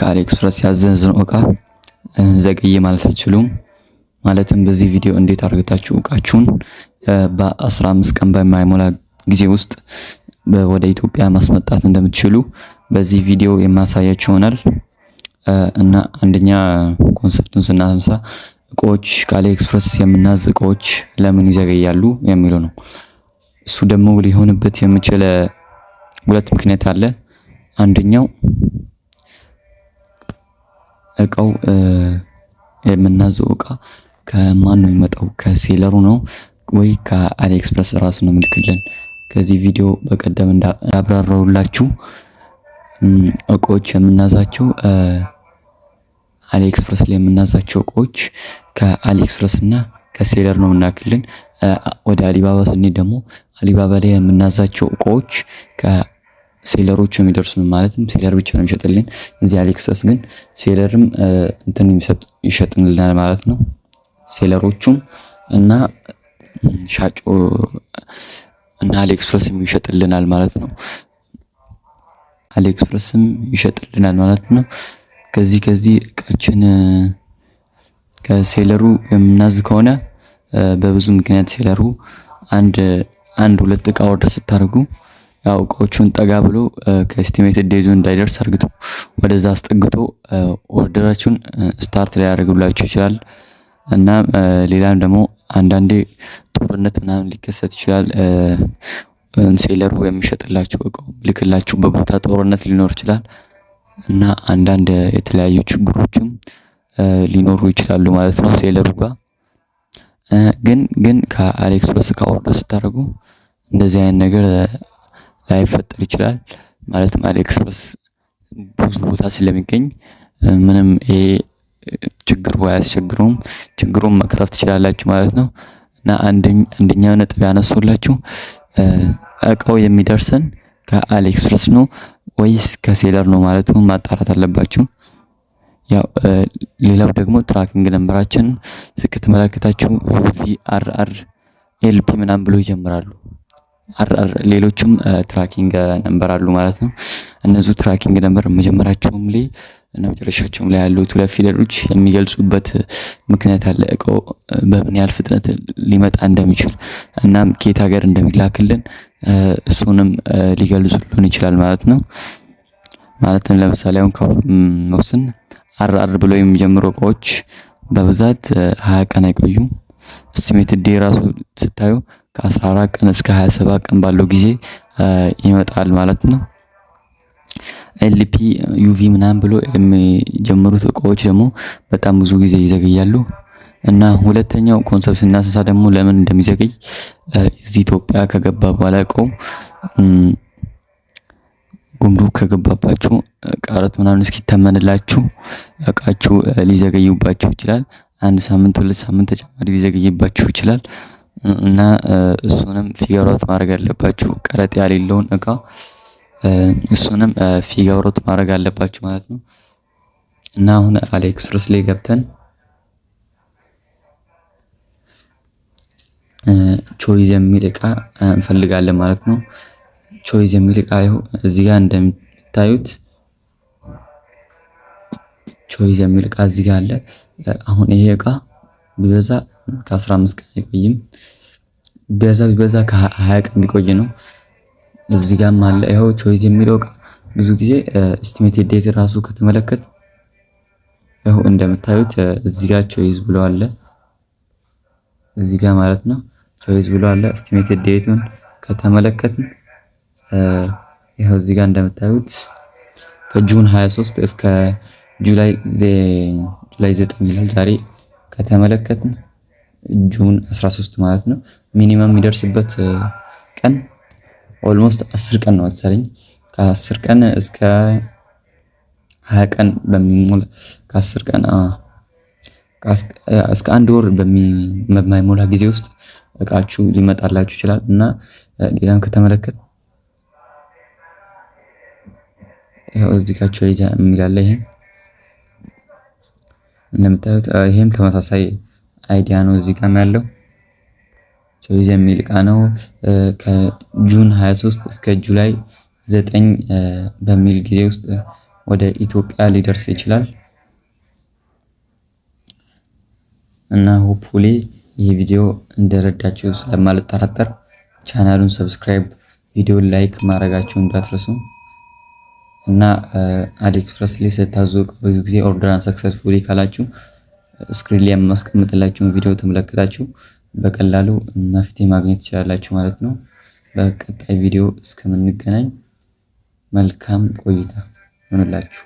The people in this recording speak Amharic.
ከአሊ ኤክስፕረስ ያዘዝነው እቃ ዘገየ ማለት አይችሉም። ማለትም በዚህ ቪዲዮ እንዴት አድርጋችሁ እቃችሁን በ15 ቀን በማይሞላ ጊዜ ውስጥ ወደ ኢትዮጵያ ማስመጣት እንደምትችሉ በዚህ ቪዲዮ የማሳያችሁ ይሆናል እና አንደኛ ኮንሰፕቱን ስናነሳ እቃዎች ከአሊ ኤክስፕረስ የምናዝ እቃዎች ለምን ይዘገያሉ የሚለው ነው። እሱ ደግሞ ሊሆንበት የምችል ሁለት ምክንያት አለ። አንደኛው እቃው የምናዘው እቃ ከማን ነው የሚመጣው? ከሴለሩ ነው ወይ ከአሊኤክስፕረስ ራሱ ነው የሚልክልን? ከዚህ ቪዲዮ በቀደም እንዳብራራውላችሁ እቃዎች የምናዛቸው አሊኤክስፕረስ ላይ የምናዛቸው እቃዎች ከአሊኤክስፕረስ እና ከሴለር ነው የምናክልን። ወደ አሊባባ ስንሄድ ደግሞ አሊባባ ላይ የምናዛቸው እቃዎች ሴለሮቹ የሚደርሱ ማለትም ሴለር ብቻ ነው የሚሸጥልን። እዚህ አሊኤክስፕረስ ግን ሴለርም እንትን ይሸጥንልናል ማለት ነው። ሴለሮቹም እና ሻጮ እና አሊኤክስፕረስም ይሸጥልናል ማለት ነው። አሊኤክስፕረስም ይሸጥልናል ማለት ነው። ከዚህ ከዚህ እቃችን ከሴለሩ የምናዝ ከሆነ በብዙ ምክንያት ሴለሩ አንድ አንድ ሁለት እቃ ወርደር ስታደርጉ ያው እቃዎቹን ጠጋ ብሎ ከኤስቲሜትድ ዴዙ እንዳይደርስ አርግቶ ወደዛ አስጠግቶ ኦርደራችሁን ስታርት ሊያደርግላችሁ ይችላል። እና ሌላም ደግሞ አንዳንዴ ጦርነት ምናምን ሊከሰት ይችላል። ሴለሩ የሚሸጥላችሁ እቃው ልክላችሁ በቦታ ጦርነት ሊኖር ይችላል እና አንዳንድ የተለያዩ ችግሮችም ሊኖሩ ይችላሉ ማለት ነው። ሴለሩ ጋር ግን ግን ከአሊኤክስፕረስ እቃ ስታደርጉ እንደዚህ አይነት ነገር ላይፈጠር ይችላል። ማለትም አሊኤክስፕረስ ብዙ ቦታ ስለሚገኝ ምንም ይሄ ችግሩ አያስቸግረውም። ችግሩን መቅረፍ ትችላላችሁ ማለት ነው። እና አንደኛው ነጥብ ያነሱላችሁ እቃው የሚደርሰን ከአሊኤክስፕረስ ነው ወይስ ከሴለር ነው ነው ማጣራት አለባችሁ። ያው ሌላው ደግሞ ትራኪንግ ነምበራችን ስክ ቪአርአር ኤልፒ ምናምን ብሎ ይጀምራሉ። ሌሎችም ትራኪንግ ነንበር አሉ ማለት ነው። እነዚሁ ትራኪንግ ነንበር መጀመሪያቸውም ላይ እና መጨረሻቸውም ላይ ያሉት ሁለት ፊደሎች የሚገልጹበት ምክንያት አለ። እቃው በምን ያህል ፍጥነት ሊመጣ እንደሚችል እናም ከየት ሀገር እንደሚላክልን እሱንም ሊገልጹልን ይችላል ማለት ነው። ማለትም ለምሳሌ አሁን ከውስን አርአር አር ብሎ የሚጀምሩ እቃዎች በብዛት ሀያ ቀን አይቆዩም። ስሜት ዴ ራሱ ስታዩ ከ14 ቀን እስከ 27 ቀን ባለው ጊዜ ይመጣል ማለት ነው። ኤልፒ ዩቪ ምናምን ብሎ የሚጀምሩት እቃዎች ደግሞ በጣም ብዙ ጊዜ ይዘግያሉ። እና ሁለተኛው ኮንሰፕት ስናስሳ ደግሞ ለምን እንደሚዘገይ እዚህ ኢትዮጵያ ከገባ በኋላ እቃው ጉምሩክ ከገባባችሁ ቀረጥ ምናምን እስኪተመንላችሁ እቃችሁ ሊዘገዩባችሁ ይችላል። አንድ ሳምንት፣ ሁለት ሳምንት ተጨማሪ ሊዘገይባችሁ ይችላል። እና እሱንም ፊገሮት ማድረግ አለባችሁ። ቀረጥ ያሌለውን እቃ እሱንም ፊገሮት ማድረግ አለባችሁ ማለት ነው። እና አሁን አሊኤክስፕረስ ላይ ገብተን ቾይዝ የሚል እቃ እንፈልጋለን ማለት ነው። ቾይዝ የሚል እቃ ይሁ እዚህ ጋር እንደምታዩት ቾይዝ የሚል እቃ እዚህ ጋር አለ። አሁን ይሄ እቃ ቢበዛ ከአስራ አምስት ቀን አይቆይም። በዛ ቢበዛ ከሀያ ቀን ቢቆይ ነው። እዚህ ጋም አለ ይኸው ቾይዝ የሚለው እቃ ብዙ ጊዜ ኤስቲሜትድ ዴት ራሱ ከተመለከት ይኸው እንደምታዩት እዚህ ጋር ቾይዝ ብሎ አለ እዚህ ጋር ማለት ነው ቾይዝ ብሎ አለ። ኤስቲሜትድ ዴቱን ከተመለከትን ይኸው እዚህ ጋር እንደምታዩት ከጁን 23 እስከ ጁላይ ጁላይ ይላል ዛሬ ከተመለከትን ጁን 13 ማለት ነው። ሚኒመም የሚደርስበት ቀን ኦልሞስት 10 ቀን ነው መሰለኝ። ከ10 ቀን እስከ 20 ቀን በሚሞላ ከ10 ቀን እስከ አንድ ወር በማይሞላ ጊዜ ውስጥ እቃችሁ ሊመጣላችሁ ይችላል እና ሌላም ከተመለከት እዚጋቸው ይዛ የሚላለ ይሄም እንደምታዩት ይሄም ተመሳሳይ አይዲያ ነው እዚህ ጋም ያለው ቾይዝ የሚል እቃ ነው። ከጁን 23 እስከ ጁላይ 9 በሚል ጊዜ ውስጥ ወደ ኢትዮጵያ ሊደርስ ይችላል እና ሆፕፉሊ ይህ ቪዲዮ እንደረዳችሁ ስለማልጠራጠር ቻናሉን ሰብስክራይብ፣ ቪዲዮ ላይክ ማድረጋችሁ እንዳትረሱ እና አሊኤክስፕረስ ላይ ስታዙ ብዙ ጊዜ ኦርደር አንሰክሰስፉሊ ካላችሁ ስክሪን ላይ የማስቀምጥላችሁን ቪዲዮ ተመለከታችሁ በቀላሉ መፍትሄ ማግኘት ትችላላችሁ ማለት ነው። በቀጣይ ቪዲዮ እስከምንገናኝ መልካም ቆይታ ይሆንላችሁ።